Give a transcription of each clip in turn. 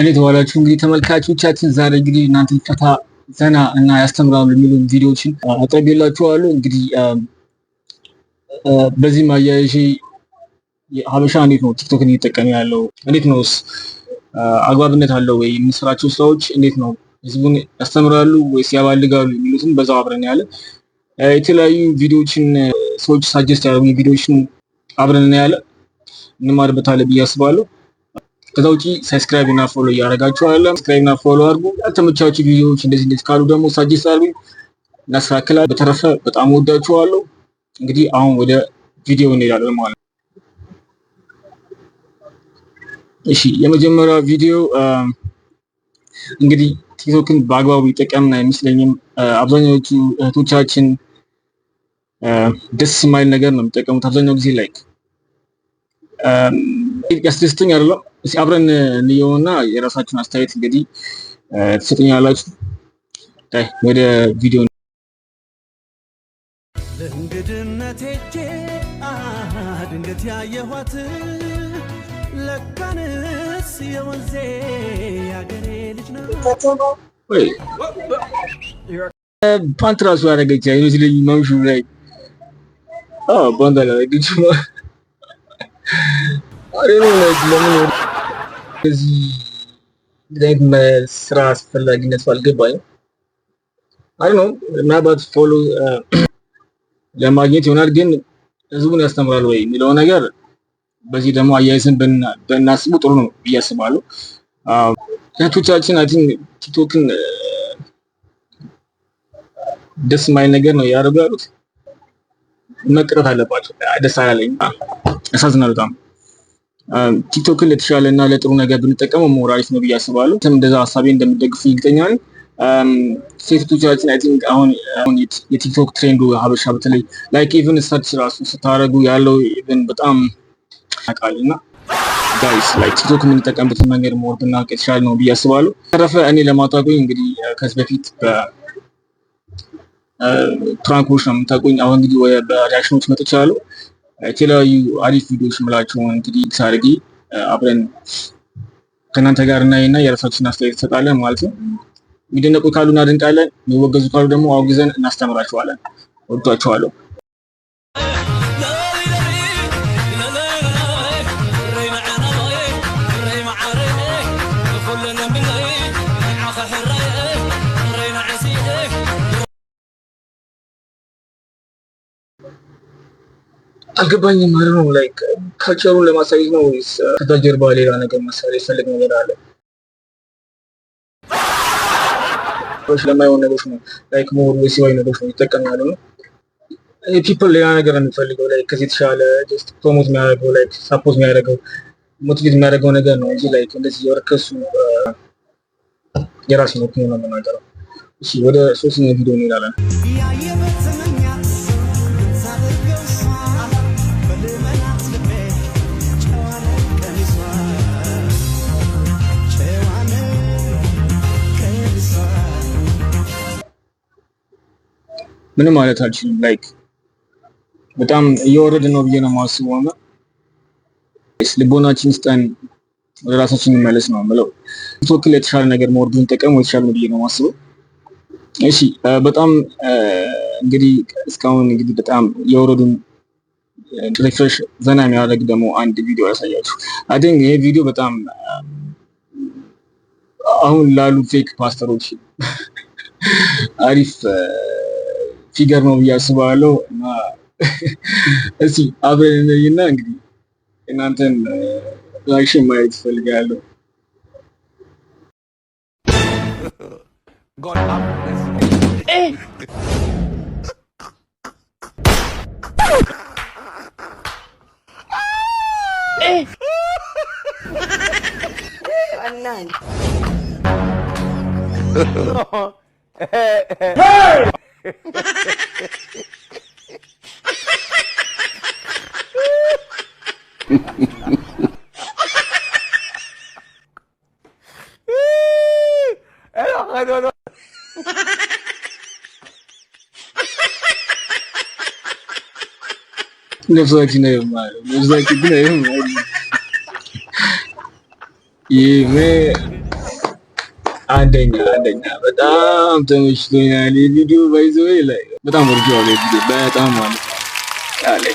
እንዴት ዋላችሁ? እንግዲህ ተመልካቾቻችን ዛሬ እንግዲህ እናንተ ፈታ ዘና እና ያስተምራሉ የሚሉ ቪዲዮዎችን አቅርቤላችኋለሁ። እንግዲህ በዚህም አያይዤ ሀበሻ እንዴት ነው ቲክቶክን እየጠቀመ ያለው? እንዴት ነውስ? አግባብነት አለው ወይ? የምንሰራቸው ስራዎች እንዴት ነው ህዝቡን ያስተምራሉ ወይስ ያባልጋሉ? የሚሉትን በዛው አብረን ያለ የተለያዩ ቪዲዮዎችን ሰዎች ሳጀስት ያደረጉ ቪዲዮዎችን አብረን ያለ እንማርበታለን ብዬ አስባለሁ። ከዛ ውጭ ሳብስክራይብ እና ፎሎ እያደረጋችሁ አለ ሳብስክራይብ እና ፎሎ አድርጉ። ያልተመቻችሁ ቪዲዮዎች እንደዚህ እንደዚህ ካሉ ደግሞ ሳጀስት አድርጉ፣ እናስተካክላለን። በተረፈ በጣም ወዳችኋለሁ። እንግዲህ አሁን ወደ ቪዲዮ እንሄዳለን ማለት ነው። እሺ የመጀመሪያ ቪዲዮ እንግዲህ ቲክቶክን በአግባቡ ይጠቀምን አይመስለኝም። አብዛኛዎቹ እህቶቻችን ደስ የማይል ነገር ነው የሚጠቀሙት አብዛኛው ጊዜ ላይክ ያስደስተኝ አይደለም እስኪ አብረን እንየውና የራሳችን አስተያየት እንግዲህ ትሰጥኛላችሁ። ወደ ቪዲዮ ለእንግድነት ሄጄ ድንገት ያየኋት ለካንስ የወንዜ ያገሬ ልጅ ነው። ፓንት ራሱ ያደረገች አይመስለኝ መምሹ ላይ ፓንት ያደረገች ለምን እዚህ ስራ አስፈላጊነቱ አልገባኝም። አይ ነው ምናልባት ፎሎ ለማግኘት ይሆናል፣ ግን ህዝቡን ያስተምራል ወይ የሚለው ነገር በዚህ ደግሞ አያይዘን በናስቡ ጥሩ ነው ብዬ አስባለሁ። እህቶቻችን አይ ቲንክ ቲክቶክን ደስ የማይል ነገር ነው ያደርጉ ያሉት መቅረት አለባቸው። ደስ አላለኝ፣ ያሳዝናል በጣም ቲክቶክን ለተሻለ እና ለጥሩ ነገር ብንጠቀመው ሞር አሪፍ ነው ብዬ አስባለሁ። እንደዛ ሀሳቤ እንደምደግፍ ይገኛል። ሴቶቻችን አይ ቲንክ አሁን የቲክቶክ ትሬንዱ ሀበሻ በተለይ ላይክ ኢቨን ሰርች ራሱ ስታደረጉ ያለው ኢቨን በጣም ያቃል እና ጋይስ ላይ ቲክቶክ የምንጠቀምበትን መንገድ ሞር ብናውቅ የተሻለ ነው ብዬ አስባለሁ። ተረፈ እኔ ለማታቆኝ እንግዲህ ከዚህ በፊት ፕራንኮች ነው የምታቆኝ። አሁን እንግዲህ በሪያክሽኖች ሪያክሽኖች መጥቻለሁ። የተለያዩ አሪፍ ቪዲዮዎች ምላቸውን እንግዲህ ሳርጊ አብረን ከእናንተ ጋር እናይና የራሳችን አስተያየት ትሰጣለን ማለት ነው። የሚደነቁ ካሉ እናደንቃለን የሚወገዙ ካሉ ደግሞ አውግዘን እናስተምራቸዋለን። ወዷቸዋለሁ። አልገባኝም ማለት ነው። ላይ ካልቸሩን ለማሳየት ነው ወይስ ጀርባ ሌላ ነገር መሳሪያ ይፈልግ ነገር አለ? ለማይሆን ነገሮች ነው ላይክ ሞር ወይ ወሲባዊ ነገሮች ነው ይጠቀማሉ ነው ፒፕል ሌላ ነገር የሚፈልገው ላይ ከዚህ የተሻለ ፕሮሞት የሚያደርገው ላይ ሳፖርት የሚያደርገው ሞቲቬት የሚያደርገው ነገር ነው እንጂ ላይ እንደዚህ የወረከሱ የራሴ ነው ነው የምናገረው። ወደ ሶስተኛ ቪዲዮ እንሄዳለን። ምንም ማለት አልችልም። ላይክ በጣም እየወረድ ነው ብዬ ነው የማስበው። እና ልቦናችን ስጠን ወደ ራሳችን እንመለስ ነው ምለው። ቲክቶክ ላይ የተሻለ ነገር መወርዱን ጠቀም የተሻለ ነው ብዬ ነው የማስበው። እሺ በጣም እንግዲህ እስካሁን እንግዲህ በጣም የወረዱን ሪፍሬሽ ዘና የሚያደርግ ደግሞ አንድ ቪዲዮ ያሳያችሁ። አይ ቲንክ ይሄ ቪዲዮ በጣም አሁን ላሉ ፌክ ፓስተሮች አሪፍ ፊገር ነው ብዬ አስባለሁ እና እስቲ አብረን እንይና እንግዲህ እናንተን ሪያክሽን ማየት እፈልጋለሁ። Não não Gözlüklerim var. Gözlüklerim var. Yemin. አንደኛ አንደኛ በጣም ተመችቶኛል። የቪዲዮ ባይዞ ላይ በጣም ወርጄዋለሁ። የቪዲዮ በጣም ማለት ነው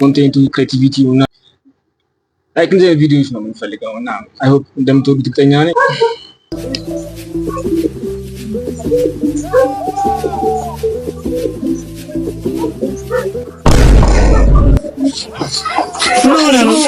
ኮንቴንቱ ክሬቲቪቲ ና ላይክ እንደዚህ ቪዲዮዎች ነው የምንፈልገው እና አይ ሆፕ እንደምትወዱት እርግጠኛ ነኝ።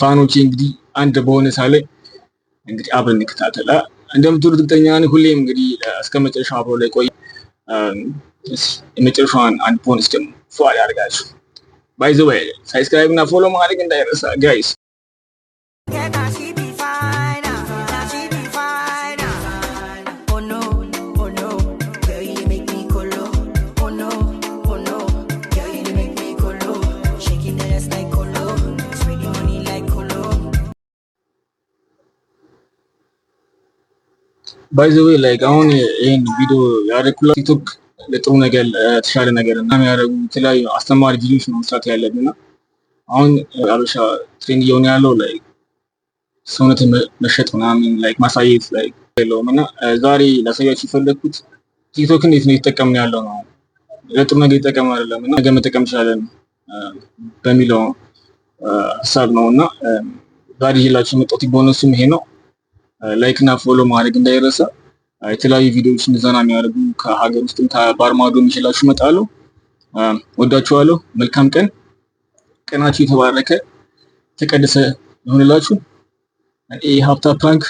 ፋኖች እንግዲህ አንድ በሆነ ሳለ እንግዲህ አብረን እንከታተላ እንደምትሉ እርግጠኛ ነኝ። ሁሌም እንግዲህ እስከ መጨረሻ አብሮ ላይ ቆይ የመጨረሻዋን አንድ ፖን እስከ ፏል ያደርጋችሁ ባይዘ ሳብስክራይብ እና ፎሎ ማድረግ እንዳይረሳ ጋይስ ባይ ዘ ዌይ ላይክ አሁን ይህን ቪዲዮ ያደረኩላ ቲክቶክ ለጥሩ ነገር ተሻለ ነገር እና የሚያደርጉ የተለያዩ አስተማሪ ቪዲዮች ነው መስራት ያለብን እና አሁን አበሻ ትሬንድ እየሆነ ያለው ላይክ ሰውነት መሸጥ ምናምን ላይክ ማሳየት ላይ የለውም እና ዛሬ ላሳያችሁ የፈለግኩት ቲክቶክ እንዴት ነው የተጠቀምን ያለው ነው ለጥሩ ነገር የተጠቀም አይደለም እና ነገር መጠቀም ይችላለን በሚለው ሀሳብ ነው እና ዛሬ ይዤላችሁ የመጣሁት በእነሱም ይሄ ነው። ላይክ እና ፎሎ ማድረግ እንዳይረሳ። የተለያዩ ቪዲዮዎችን ዘና የሚያደርጉ ከሀገር ውስጥም ከባህር ማዶ የሚችላችሁ እመጣለሁ። ወዳችኋለሁ። መልካም ቀን። ቀናችሁ የተባረከ የተቀደሰ ይሆንላችሁ። ይህ ሀብታ ፕራንክ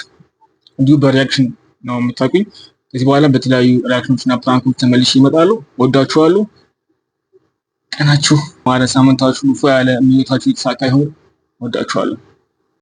እንዲሁ በሪያክሽን ነው የምታውቁኝ። ከዚህ በኋላ በተለያዩ ሪያክሽኖች እና ፕራንኮች ተመልሼ ይመጣሉ። ወዳችኋለሁ። ቀናችሁ ማረ ሳምንታችሁ ፎ ያለ ምኞታችሁ የተሳካ ይሆን። ወዳችኋለሁ።